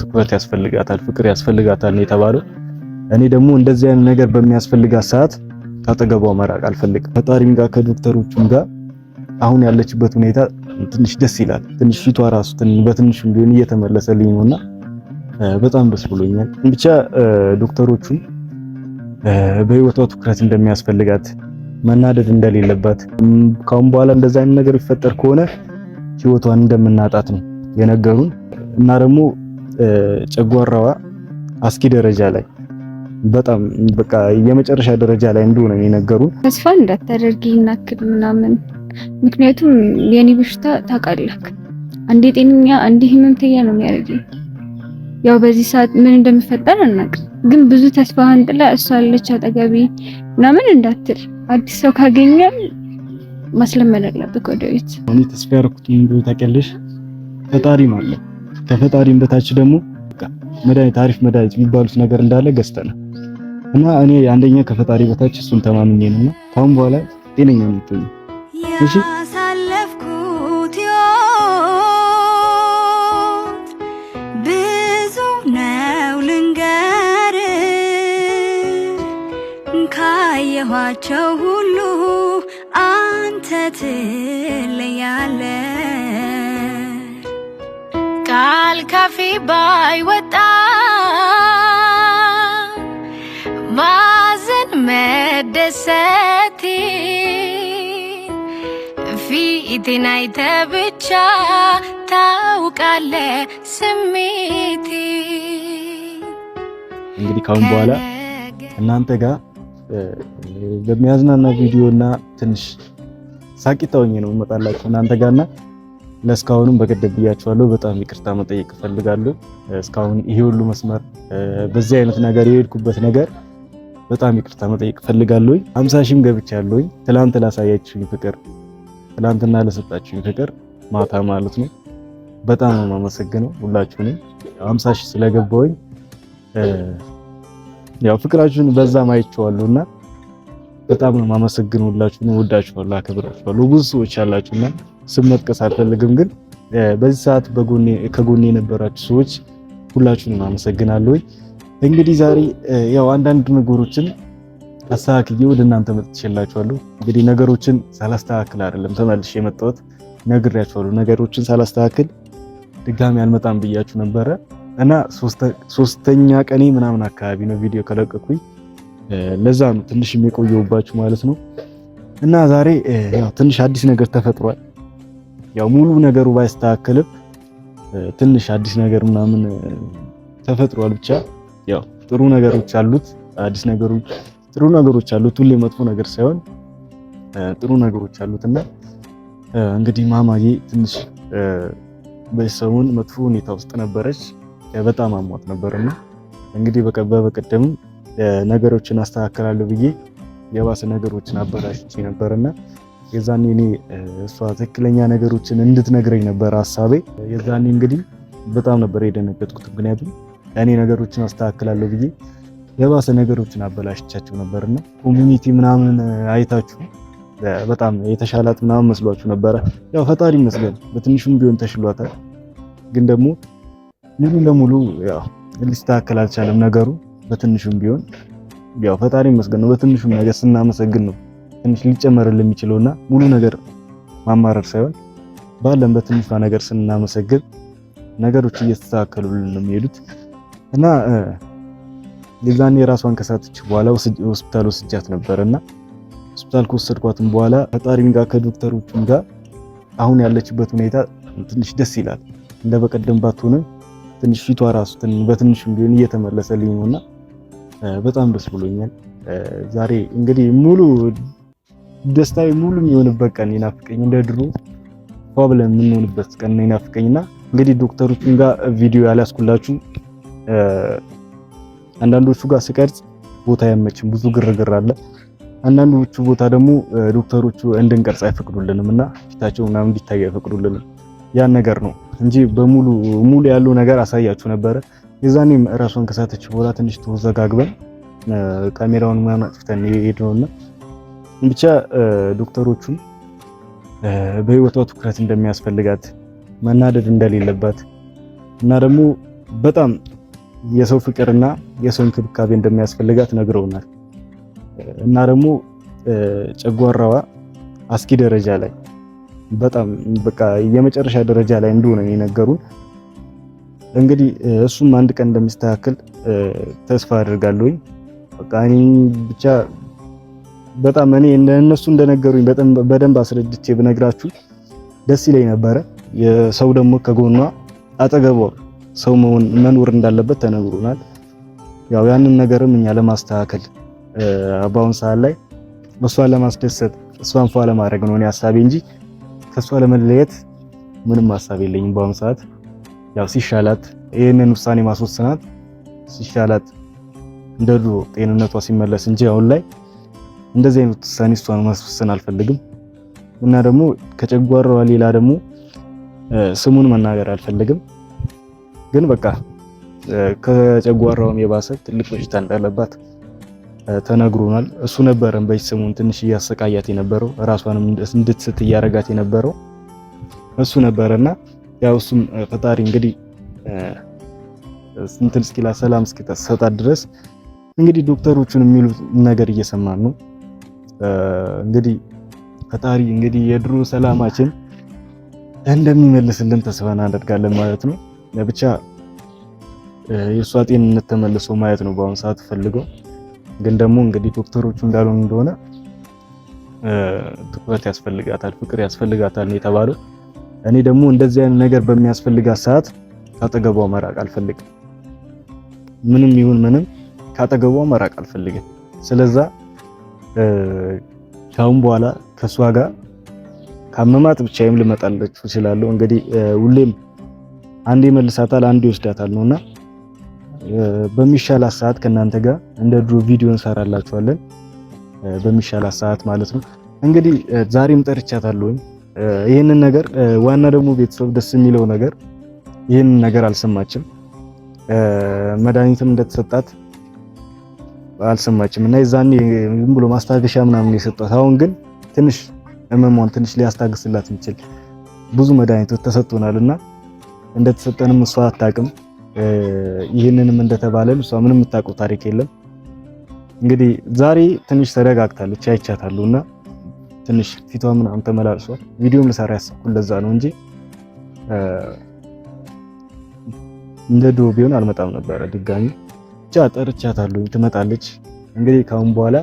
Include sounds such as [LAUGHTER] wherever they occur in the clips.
ትኩረት ያስፈልጋታል፣ ፍቅር ያስፈልጋታል ነው የተባለው። እኔ ደግሞ እንደዚህ አይነት ነገር በሚያስፈልጋት ሰዓት ከአጠገቧ መራቅ አልፈልግም። ፈጣሪም ጋር ከዶክተሮቹም ጋር አሁን ያለችበት ሁኔታ ትንሽ ደስ ይላል። ትንሽ ፊቷ ራሱ በትንሹ ቢሆን እየተመለሰልኝ ነውና በጣም ደስ ብሎኛል። ብቻ ዶክተሮቹም በህይወቷ ትኩረት እንደሚያስፈልጋት መናደድ እንደሌለባት ካሁን በኋላ እንደዛ አይነት ነገር ይፈጠር ከሆነ ህይወቷን እንደምናጣት ነው የነገሩን። እና ደግሞ ጨጓራዋ አስኪ ደረጃ ላይ በጣም በቃ የመጨረሻ ደረጃ ላይ እንደሆነ ነው የነገሩን። ተስፋ እንዳታደርጊ ይናክል ምናምን፣ ምክንያቱም የኔ በሽታ ታውቃለህ፣ አንዴ ጤነኛ አንዴ ህመምተኛ ነው የሚያደርገኝ። ያው በዚህ ሰዓት ምን እንደሚፈጠር አናውቅም፣ ግን ብዙ ተስፋ አንጥላ እሷ አለች አጠገቤ ምናምን እንዳትል፣ አዲስ ሰው ካገኘ ማስለመድ አለብህ ወደ ቤት። እኔ ተስፋ ያደረኩት ታውቂያለሽ፣ ፈጣሪ ማለት ከፈጣሪም በታች ደግሞ መድኃኒት አሪፍ መድኃኒት የሚባሉት ነገር እንዳለ ገዝተናል እና እኔ አንደኛ ከፈጣሪ በታች እሱን ተማምኜ ነውና ካሁን በኋላ ጤነኛ ነው እሺ ያሳለፍኩት ብዙ ነው ልንገር ካየኋቸው ሁሉ አንተ ትለያለህ። ቃል ካፌ ባይወጣ ማዘን መደሰቴ ፊቴን አይተ ብቻ ታውቃለ ስሜቴ። እንግዲህ ካሁን በኋላ እናንተ ጋር በሚያዝናና ቪዲዮ እና ትንሽ ሳቂታ ነው እመጣላችሁ እናንተ ጋርና ለእስካሁንም በቀደም ብያቸዋለሁ፣ በጣም ይቅርታ መጠየቅ እፈልጋለሁ። እስካሁን ይሄ ሁሉ መስመር በዚህ አይነት ነገር የሄድኩበት ነገር በጣም ይቅርታ መጠየቅ እፈልጋለሁ። አምሳ ሺህም ገብቻለሁኝ። ትላንት ላሳያችሁኝ ፍቅር፣ ትላንትና ለሰጣችሁኝ ፍቅር ማታ ማለት ነው በጣም ነው የማመሰግነው ሁላችሁንም። አምሳ ሺህ ስለገባሁኝ ያው ፍቅራችሁን በዛም እና በጣም ነው የማመሰግነው ሁላችሁንም። ወዳችኋለሁ፣ አክብራችኋለሁ። ብዙ ሰዎች አላችሁና ስም መጥቀስ አልፈልግም፣ ግን በዚህ ሰዓት ከጎኔ የነበራችሁ ሰዎች ሁላችሁንም አመሰግናለሁ። እንግዲህ ዛሬ ያው አንዳንድ ነገሮችን አስተካክዬ ወደ እናንተ መጥቼላችኋለሁ። እንግዲህ ነገሮችን ሳላስተካክል አይደለም ተመልሼ የመጣሁት ነግሬያችኋለሁ። ነገሮችን ሳላስተካክል ድጋሚ አልመጣም ብያችሁ ነበረ እና ሶስተኛ ቀኔ ምናምን አካባቢ ነው ቪዲዮ ከለቀኩኝ። ለዛ ነው ትንሽ የሚቆየውባችሁ ማለት ነው። እና ዛሬ ያው ትንሽ አዲስ ነገር ተፈጥሯል። ያው ሙሉ ነገሩ ባይስተካከልም ትንሽ አዲስ ነገር ምናምን ተፈጥሯል። ብቻ ያው ጥሩ ነገሮች አሉት፣ አዲስ ነገሮች ጥሩ ነገሮች አሉት። ሁሌ መጥፎ ነገር ሳይሆን ጥሩ ነገሮች አሉት እና እንግዲህ ማማዬ ትንሽ በሰውን መጥፎ ሁኔታ ውስጥ ነበረች። በጣም አሟት ነበርና እንግዲህ በቀደምም ነገሮችን አስተካከላለሁ ብዬ የባሰ ነገሮችን አበላሽቼ ነበርና የዛኔ እኔ እሷ ትክክለኛ ነገሮችን እንድትነግረኝ ነበር ሀሳቤ። የዛኔ እንግዲህ በጣም ነበር የደነገጥኩት፣ ምክንያቱም እኔ ነገሮችን አስተካክላለሁ ብዬ የባሰ ነገሮችን አበላሽቻቸው እና ኮሚኒቲ ምናምን አይታችሁ በጣም የተሻላት ምናምን መስሏችሁ ነበረ። ያው ፈጣሪ ይመስገን በትንሹም ቢሆን ተሽሏታል። ግን ደግሞ ሙሉ ለሙሉ ሊስተካከል አልቻለም ነገሩ በትንሹም ቢሆን ያው ፈጣሪ ይመስገን ነው። በትንሹም ነገር ስናመሰግን ነው ትንሽ ሊጨመርልን የሚችለውና ሙሉ ነገር ማማረር ሳይሆን ባለን በትንሿ ነገር ስናመሰግን ነገሮች እየተስተካከሉልን ነው የሚሄዱት እና የዛኔ ራሷን ከሳተች በኋላ ሆስፒታል ወስጃት ነበር እና ሆስፒታል ከወሰድኳትም በኋላ ፈጣሪም ጋር ከዶክተሮችም ጋር አሁን ያለችበት ሁኔታ ትንሽ ደስ ይላል። እንደ በቀደም ባትሆንም ትንሽ ፊቷ ራሱ በትንሹም ቢሆን እየተመለሰልኝ ነውና በጣም ደስ ብሎኛል። ዛሬ እንግዲህ ሙሉ ደስታዬ ሙሉ የሚሆንበት ቀን ይናፍቀኝ፣ እንደ ድሮ ዋ ብለን የምንሆንበት ቀን ይናፍቀኝና እንግዲህ ዶክተሮቹም ጋር ቪዲዮ ያላስኩላችሁ አንዳንዶቹ ጋር ስቀርጽ ቦታ ያመችም ብዙ ግርግር አለ። አንዳንዶቹ ቦታ ደግሞ ዶክተሮቹ እንድንቀርጽ አይፈቅዱልንም እና ፊታቸው ምናምን እንዲታይ አይፈቅዱልንም። ያን ነገር ነው እንጂ በሙሉ ሙሉ ያለው ነገር አሳያችሁ ነበረ። የዛኔም ራሷን ከሳተች በኋላ ትንሽ ተወዘጋግበን ካሜራውን ምናምን አጥፍተን ሄድነውና ብቻ ዶክተሮቹም በህይወቷ ትኩረት እንደሚያስፈልጋት መናደድ እንደሌለባት እና ደግሞ በጣም የሰው ፍቅርና የሰው እንክብካቤ እንደሚያስፈልጋት ነግረውናል። እና ደግሞ ጨጓራዋ አስኪ ደረጃ ላይ በጣም በቃ የመጨረሻ ደረጃ ላይ እንደሆነ የነገሩን። እንግዲህ እሱም አንድ ቀን እንደሚስተካከል ተስፋ አድርጋለሁኝ። በቃ እኔ ብቻ በጣም እኔ እነሱ እንደነገሩኝ በደንብ አስረድቼ ብነግራችሁ ደስ ይለኝ ነበረ። የሰው ደግሞ ከጎኗ አጠገቧ ሰው መሆን መኖር እንዳለበት ተነግሮናል። ያው ያንን ነገርም እኛ ለማስተካከል በአሁን ሰዓት ላይ እሷን ለማስደሰት እሷን ፏ ለማድረግ ነው እኔ ሀሳቤ እንጂ ከእሷ ለመለየት ምንም ሀሳብ የለኝም። በአሁን ሰዓት ያው ሲሻላት ይህንን ውሳኔ ማስወስናት ሲሻላት እንደ ድሮ ጤንነቷ ሲመለስ እንጂ አሁን ላይ እንደዚህ አይነት ውሳኔ እሷን ማስወሰን አልፈልግም እና ደግሞ ከጨጓራዋ ሌላ ደግሞ ስሙን መናገር አልፈልግም። ግን በቃ ከጨጓራውም የባሰ ትልቅ በሽታ እንዳለባት ተነግሮናል። እሱ ነበረን በች ስሙን ትንሽ እያሰቃያት የነበረው እራሷንም እንድትስት እያረጋት የነበረው እሱ ነበረና ያው እሱም ፈጣሪ እንግዲህ እንትን እስኪላ ሰላም እስኪሰጣት ድረስ እንግዲህ ዶክተሮቹን የሚሉት ነገር እየሰማን ነው። እንግዲህ ፈጣሪ እንግዲህ የድሮ ሰላማችን እንደሚመልስልን ተስፋ እናደርጋለን ማለት ነው። ብቻ የእሷ ጤንነት ተመልሶ ማየት ነው በአሁኑ ሰዓት ፈልገው፣ ግን ደግሞ እንግዲህ ዶክተሮቹ እንዳልሆኑ እንደሆነ ትኩረት ያስፈልጋታል፣ ፍቅር ያስፈልጋታል ነው የተባለው። እኔ ደግሞ እንደዚህ አይነት ነገር በሚያስፈልጋት ሰዓት ካጠገቧ መራቅ አልፈልግም። ምንም ይሁን ምንም ካጠገቧ መራቅ አልፈልግም። ስለዛ ካሁን በኋላ ከእሷ ጋር ካመማት ብቻዬም ልመጣለች እችላለሁ። እንግዲህ ሁሌም አንዴ መልሳታል፣ አንድ ይወስዳታል ነውና በሚሻላት ሰዓት ከእናንተ ጋር እንደ ድሮ ቪዲዮ እንሰራላችኋለን። በሚሻላት ሰዓት ማለት ነው። እንግዲህ ዛሬም ጠርቻታለሁ። ይህንን ነገር ዋና ደግሞ ቤተሰብ ደስ የሚለው ነገር ይህንን ነገር አልሰማችም። መድኃኒትም እንደተሰጣት አልሰማችም እና የዛኔ ዝም ብሎ ማስታገሻ ምናምን የሰጧት። አሁን ግን ትንሽ ህመሟን ትንሽ ሊያስታግስላት የሚችል ብዙ መድኃኒቶች ተሰጥቶናል እና እንደተሰጠንም እሷ አታውቅም። ይህንንም እንደተባለን እሷ ምንም የምታውቀው ታሪክ የለም። እንግዲህ ዛሬ ትንሽ ተረጋግታለች አይቻታለሁ እና ትንሽ ፊቷ ምናምን ተመላልሷል። ቪዲዮም ልሰራ ያሰብኩት ለዛ ነው እንጂ እንደ ድሮ ቢሆን አልመጣም ነበረ ድጋሚ ብቻ ጠርቻታለሁ፣ ትመጣለች። እንግዲህ ካሁን በኋላ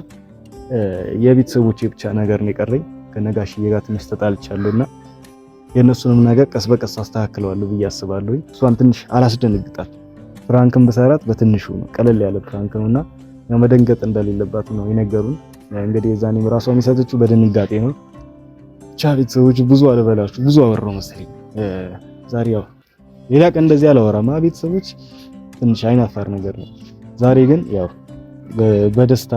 የቤተሰቦቼ ብቻ ነገር ነው የቀረኝ። ከነጋሽዬ ጋር ትንሽ ተጣልቻለሁና የእነሱንም ነገር ቀስ በቀስ አስተካክለዋለሁ ብዬ አስባለሁ። እሷን ትንሽ አላስደንግጣል። ፍራንክን ብሰራት በትንሹ ነው፣ ቀለል ያለ ፍራንክ ነውና መደንገጥ እንደሌለባት ነው የነገሩን። እንግዲህ የዛኔም ራሷ የሚሰጠችው በድንጋጤ ነው። ብቻ ቤተሰቦች ብዙ አልበላችሁ፣ ብዙ አወራሁ መሰለኝ ዛሬ። ያው ሌላ ቀን እንደዚህ አላወራም ቤተሰቦች። ትንሽ አይናፋር ነገር ነው። ዛሬ ግን ያው በደስታ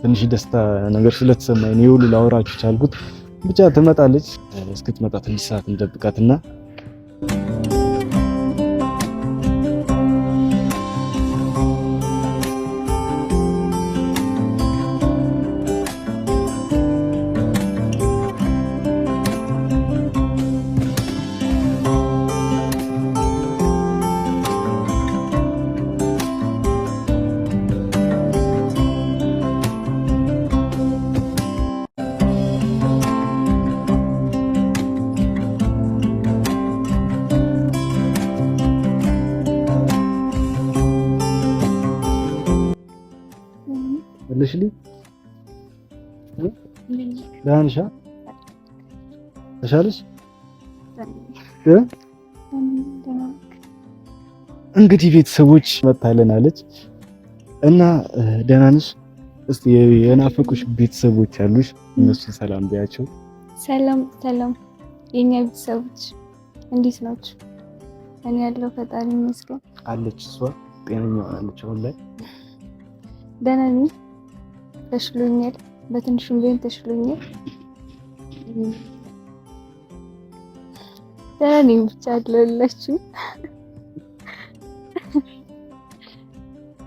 ትንሽ ደስታ ነገር ስለተሰማኝ ነው ሁሉ ላወራችሁ ቻልኩት። ብቻ ትመጣለች። እስክትመጣ ትንሽ ሰዓት እንጠብቃትና ትንሽልኝ ደህና ነሽ? ተሻለሽ? እንግዲህ ቤተሰቦች አለች እና ደህና ነሽ? እስቲ የናፈቁሽ ቤተሰቦች አሉሽ? እነሱ ሰላም ቢያቸው። ሰላም ሰላም፣ የኛ ቤተሰቦች እንዴት ናችሁ? እኔ ያለው ፈጣሪ ይመስገን አለች። እሷ ጤነኛ ሆናለች አሁን ላይ ደህና ነኝ። ተሽሎኛል፣ በትንሹም ቢሆን ተሽሎኛል። ደህና ነኝ ብቻ አለሁላችሁ።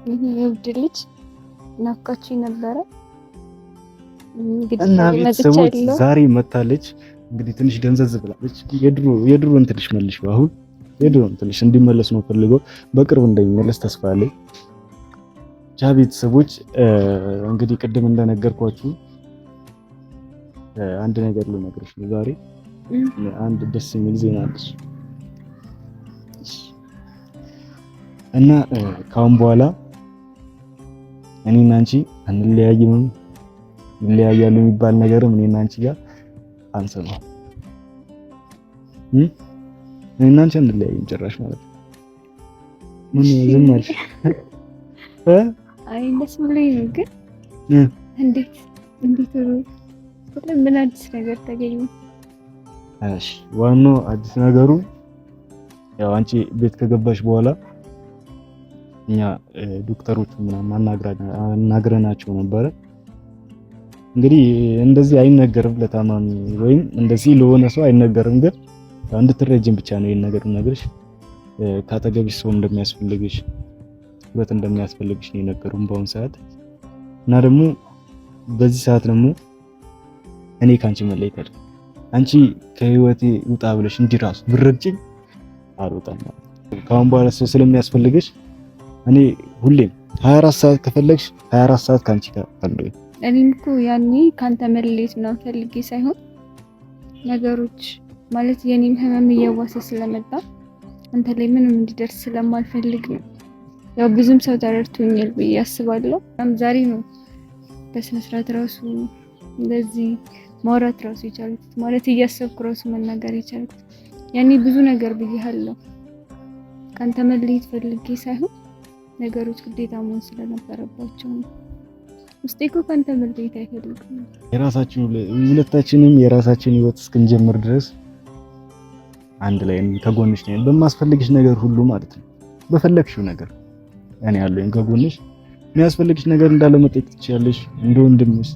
ይህ ውድ ልጅ ናፍቃችሁ ነበረ እና ቤተሰቦች ዛሬ መታለች። እንግዲህ ትንሽ ደንዘዝ ብላለች። የድሮ የድሮን ትንሽ መልሽ አሁን የድሮን ትንሽ እንዲመለስ ነው ፈልገው በቅርብ እንደሚመለስ ተስፋ አለኝ። ብቻ ቤተሰቦች እንግዲህ ቅድም እንደነገርኳችሁ አንድ ነገር ልነግርሽ ነው። ዛሬ አንድ ደስ የሚል ዜና አለሽ እና ካሁን በኋላ እኔና አንቺ አንለያይምም ይለያያሉ የሚባል ነገርም እኔና አንቺ ጋር አንሰማም። እኔና አንቺ አንለያይም ጭራሽ ማለት ነው። ምን ዝም አልሽ? [LAUGHS] አይ ደስ ብሎኝ ነው። ግን እንዴት እንዴት ምን አዲስ ነገር ተገኘ? እሺ ዋናው አዲስ ነገሩ ያው አንቺ ቤት ከገባሽ በኋላ እኛ ዶክተሮቹ ምናምን አናግረናቸው ነበረ። እንግዲህ እንደዚህ አይነገርም ለታማሚ ወይም እንደዚህ ለሆነ ሰው አይነገርም። ግን እንድትረጅም ብቻ ነው ይሄን ነገር ነገርሽ፣ ካጠገብሽ ሰው እንደሚያስፈልግሽ ትኩረት እንደሚያስፈልግሽ ነው የነገሩን በአሁኑ ሰዓት እና ደግሞ በዚህ ሰዓት ደግሞ እኔ ከአንቺ መለየት አለ አንቺ ከህይወቴ ውጣ ብለሽ እንዲራሱ ራሱ ብረግጭኝ አልወጣም ማለት ከአሁን በኋላ ሰው ስለሚያስፈልግሽ እኔ ሁሌም 24 ሰዓት ከፈለግሽ 24 ሰዓት ከአንቺ ጋር አለሁ። እኔም እኮ ያኔ ከአንተ መለየት ምናምን ፈልጌ ሳይሆን ነገሮች ማለት የኔም ህመም እየዋሰ ስለመጣ አንተ ላይ ምንም እንዲደርስ ስለማልፈልግ ነው። ያው ብዙም ሰው ተረድቶኛል ብዬ አስባለሁ። ዛሬ ነው በስነስርዓት ራሱ እንደዚህ ማውራት ራሱ የቻልኩት ማለት እያሰብኩ ራሱ መናገር የቻልኩት ያኔ ብዙ ነገር ብያለሁ። ከአንተ መለየት ፈልጌ ሳይሆን ነገሮች ግዴታ መሆን ስለነበረባቸው ነው። ውስጤ እኮ ከአንተ መለየት አይፈልግም። የራሳችን ሁለታችንም የራሳችን ህይወት እስክንጀምር ድረስ አንድ ላይ ከጎንሽ ነኝ፣ በማስፈልግሽ ነገር ሁሉ ማለት ነው፣ በፈለግሽው ነገር እኔ ያለኝ ከጎንሽ የሚያስፈልግሽ ነገር እንዳለ መጠየቅ ትችያለሽ። እንደ ወንድምሽ፣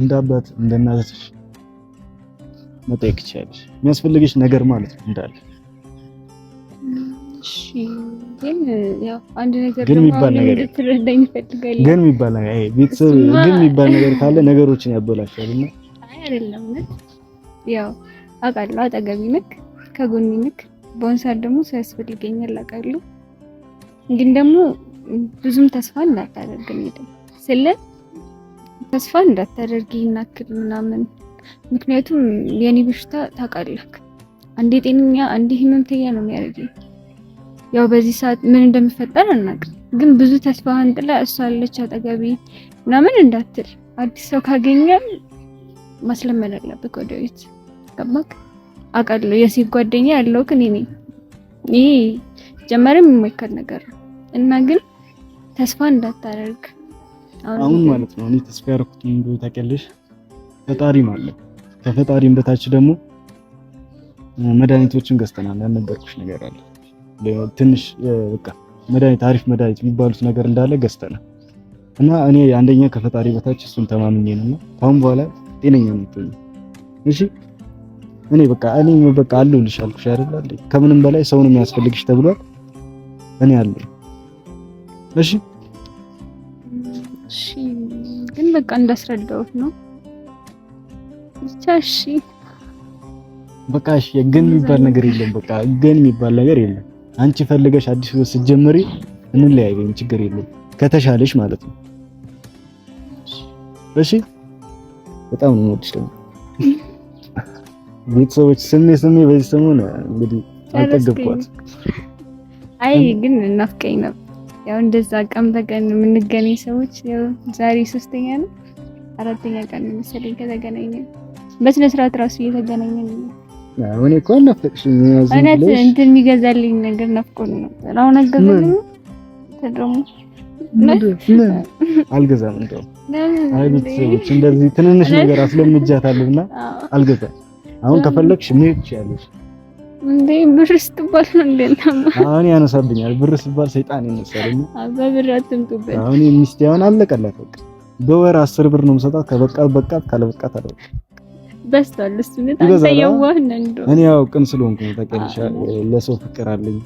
እንደ አባት፣ እንደ እናትሽ መጠየቅ ትችያለሽ። የሚያስፈልግሽ ነገር ማለት ነው እንዳለ። ግን ያው አንድ ነገር ግን የሚባል ነገር ግን የሚባል ነገር አይ ቤተሰብ ግን የሚባል ነገር ካለ ነገሮችን ያበላሻልና፣ አይ አይደለም ያው አውቃለሁ፣ አጠገቢ ነክ፣ ከጎኔ ነክ። በአሁን ሰዓት ደግሞ ሳያስፈልገኛል አውቃለሁ ግን ደግሞ ብዙም ተስፋ እንዳታደርግ ነው ስለ ተስፋ እንዳታደርግ ይናክል ምናምን። ምክንያቱም የኔ በሽታ ታውቃለህ፣ አንዴ ጤነኛ አንዴ ህመምተኛ ነው የሚያደርገኝ። ያው በዚህ ሰዓት ምን እንደሚፈጠር አናውቅም፣ ግን ብዙ ተስፋ አንጥላ እሷ አለች አጠገቤ ምናምን እንዳትል። አዲስ ሰው ካገኘ ማስለመድ አለብህ ወደ ቤት ገባክ። አውቃለሁ የሴት ጓደኛ ያለው ግን ይሄ ጀመርም የማይካድ ነገር ነው። እና ግን ተስፋ እንዳታደርግ አሁን ማለት ነው። እኔ ተስፋ ያደረኩት እንደው ታውቂያለሽ፣ ፈጣሪም አለ ከፈጣሪም በታች ደግሞ መድኃኒቶችን ገዝተናል። ያልነበርኩሽ ነገር አለ ትንሽ በቃ መድኃኒት አሪፍ መድኃኒት የሚባሉት ነገር እንዳለ ገዝተናል እና እኔ አንደኛ ከፈጣሪ በታች እሱን ተማምኜ ነው ከአሁን በኋላ ጤነኛ ነው። እሺ እኔ በቃ እኔ በቃ አለሁልሽ አልኩሽ አይደል? ከምንም በላይ ሰውን የሚያስፈልግሽ ተብሏል። እኔ አለሁ እሺ እሺ። ግን በቃ እንዳስረዳሁት ነው ብቻ። እሺ በቃ እሺ። ግን የሚባል ነገር የለም። በቃ ግን የሚባል ነገር የለም። አንቺ ፈልገሽ አዲስ ህይወት ስትጀምሪ እንለያይ፣ ችግር የለም ከተሻለሽ ማለት ነው። እሺ በጣም ነው የምወድሽ። ደግሞ ቤተሰቦች ስሜ ስሜ በዚህ ሰሞን እንግዲህ አልጠገብኳት። አይ ግን እናፍቀኝ ነበር ያው እንደዛ ቀን በቀን የምንገናኝ ሰዎች ዛሬ ሶስተኛ ነው አራተኛ ቀን መሰለኝ ከተገናኘን በስነ ስርዓት ራሱ እየተገናኘን እኔ እኮ ናፈቅሽኝ። እውነት እንትን የሚገዛልኝ ነገር ናፍቆኝ ነው። አሁን አገዛልኝ ተደሞ አልገዛም። እንደው አይ ቤተሰቦች እንደዚህ ትንንሽ ነገር አስለምጃታለሁና አልገዛም። አሁን ከፈለግሽ መሄድ ትችያለሽ። እንዴ ብር ስትባል አሁን ያነሳብኛል። ብር ስባል ሰይጣን ይነሳልኝ። አባ ብር አትምጡበት። አሁን ሚስቴ አሁን አለቀላት። በቃ በወር አስር ብር ነው የምሰጣት። ከበቃት በቃት፣ ካለበቃት አለ በስቷል። እሱ እኔ ያው ቅን ስለሆንኩ ነው። ታውቂያለሽ፣ ለሰው ፍቅር አለኝ።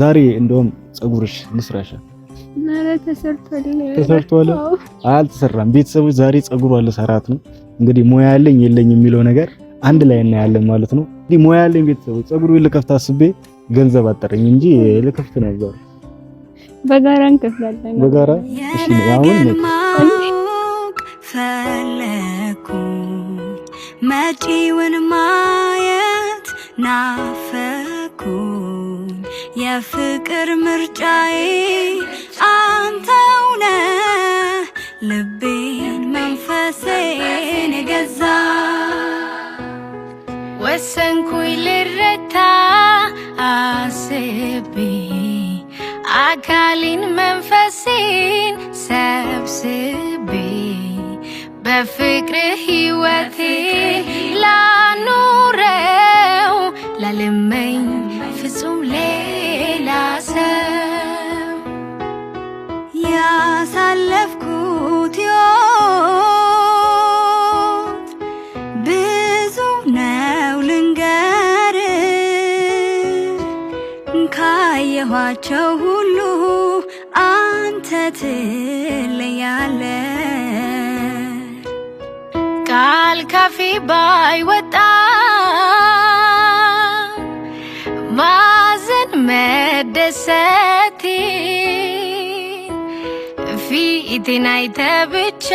ዛሬ እንደውም ፀጉርሽ ልስራሻ። ተሰርቷል፣ ተሰርቷል። አልተሰራም። ቤተሰቦች ዛሬ ፀጉሯ ልሰራት ነው። እንግዲህ ሙያ ያለኝ የለኝ የሚለው ነገር አንድ ላይ እናያለን ማለት ነው። እንዲህ ሙያ ያለኝ ቤተሰቦች ፀጉሩ ልከፍት አስቤ ገንዘብ አጠረኝ እንጂ ልከፍት ነበር። በጋራ እንከፍላለን። በጋራ እሺ። አሁን ፈለኩ መጪውን ማየት ናፈኩ። የፍቅር ምርጫዬ አንተው ነህ ልቤን መንፈሴን የገዛ ወሰንኩኝ ልረታ አስቤ አካሊን መንፈሴን ሰብስቤ በፍቅር ሕይወቴ ላኑረው ላልመኝ ካየኋቸው ሁሉ አንተ ትለያለ ቃል ካፌ ባይወጣ ማዘን መደሰቴ ፊቴን አይተ ብቻ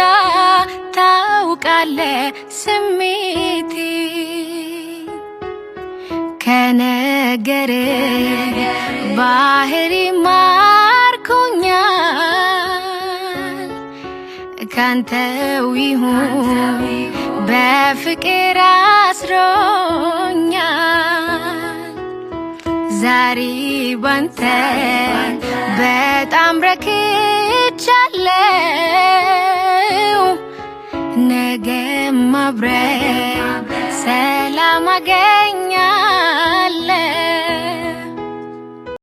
ታውቃለ ስሜቴ ከነገር ባህሪ ማርኮኛል ካንተው ይሁን በፍቅር አስሮኛል ዛሬ ባንተ በጣም ረክቻለው ነገም አብረን ሰላም አገኛል